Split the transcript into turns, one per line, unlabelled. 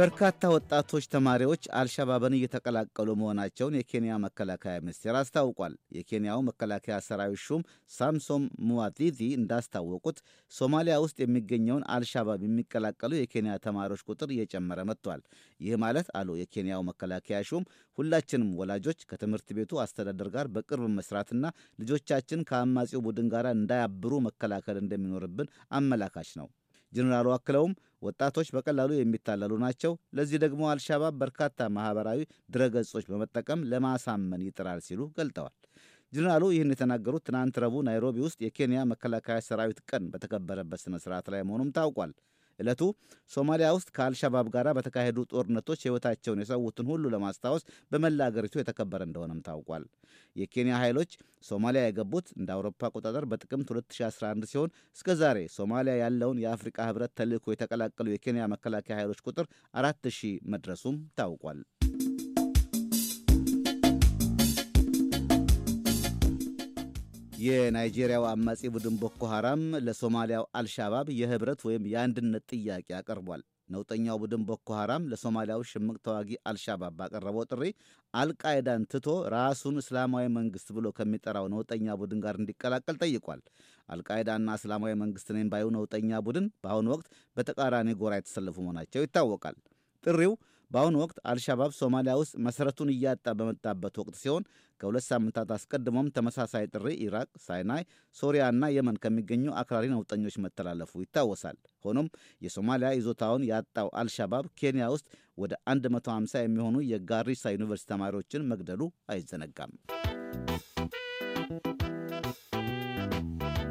በርካታ ወጣቶች ተማሪዎች አልሻባብን እየተቀላቀሉ መሆናቸውን የኬንያ መከላከያ ሚኒስቴር አስታውቋል። የኬንያው መከላከያ ሰራዊት ሹም ሳምሶም ሙዋቲቲ እንዳስታወቁት ሶማሊያ ውስጥ የሚገኘውን አልሻባብ የሚቀላቀሉ የኬንያ ተማሪዎች ቁጥር እየጨመረ መጥቷል። ይህ ማለት አሉ የኬንያው መከላከያ ሹም፣ ሁላችንም ወላጆች ከትምህርት ቤቱ አስተዳደር ጋር በቅርብ መስራትና ልጆቻችን ከአማጺው ቡድን ጋር እንዳያብሩ መከላከል እንደሚኖርብን አመላካች ነው። ጀኔራሉ አክለውም ወጣቶች በቀላሉ የሚታለሉ ናቸው፣ ለዚህ ደግሞ አልሻባብ በርካታ ማህበራዊ ድረገጾች በመጠቀም ለማሳመን ይጥራል ሲሉ ገልጠዋል። ጀኔራሉ ይህን የተናገሩት ትናንት ረቡዕ ናይሮቢ ውስጥ የኬንያ መከላከያ ሰራዊት ቀን በተከበረበት ስነስርዓት ላይ መሆኑም ታውቋል። ዕለቱ ሶማሊያ ውስጥ ከአልሻባብ ጋር በተካሄዱ ጦርነቶች ሕይወታቸውን የሰዉትን ሁሉ ለማስታወስ በመላ አገሪቱ የተከበረ እንደሆነም ታውቋል። የኬንያ ኃይሎች ሶማሊያ የገቡት እንደ አውሮፓ አቆጣጠር በጥቅምት 2011 ሲሆን እስከ ዛሬ ሶማሊያ ያለውን የአፍሪቃ ህብረት ተልዕኮ የተቀላቀሉ የኬንያ መከላከያ ኃይሎች ቁጥር 4000 መድረሱም ታውቋል። የናይጄሪያው አማጺ ቡድን ቦኮ ሐራም ለሶማሊያው አልሻባብ የህብረት ወይም የአንድነት ጥያቄ አቀርቧል። ነውጠኛው ቡድን ቦኮ ሐራም ለሶማሊያው ሽምቅ ተዋጊ አልሻባብ ባቀረበው ጥሪ አልቃይዳን ትቶ ራሱን እስላማዊ መንግስት ብሎ ከሚጠራው ነውጠኛ ቡድን ጋር እንዲቀላቀል ጠይቋል። አልቃይዳና እስላማዊ መንግሥት ነኝ ባዩ ነውጠኛ ቡድን በአሁኑ ወቅት በተቃራኒ ጎራ የተሰለፉ መሆናቸው ይታወቃል። ጥሪው በአሁኑ ወቅት አልሻባብ ሶማሊያ ውስጥ መሰረቱን እያጣ በመጣበት ወቅት ሲሆን ከሁለት ሳምንታት አስቀድሞም ተመሳሳይ ጥሪ ኢራቅ፣ ሳይናይ፣ እና የመን ከሚገኙ አክራሪ ነውጠኞች መተላለፉ ይታወሳል። ሆኖም የሶማሊያ ይዞታውን ያጣው አልሻባብ ኬንያ ውስጥ ወደ 150 የሚሆኑ የጋሪሳ ዩኒቨርሲቲ ተማሪዎችን መግደሉ አይዘነጋም።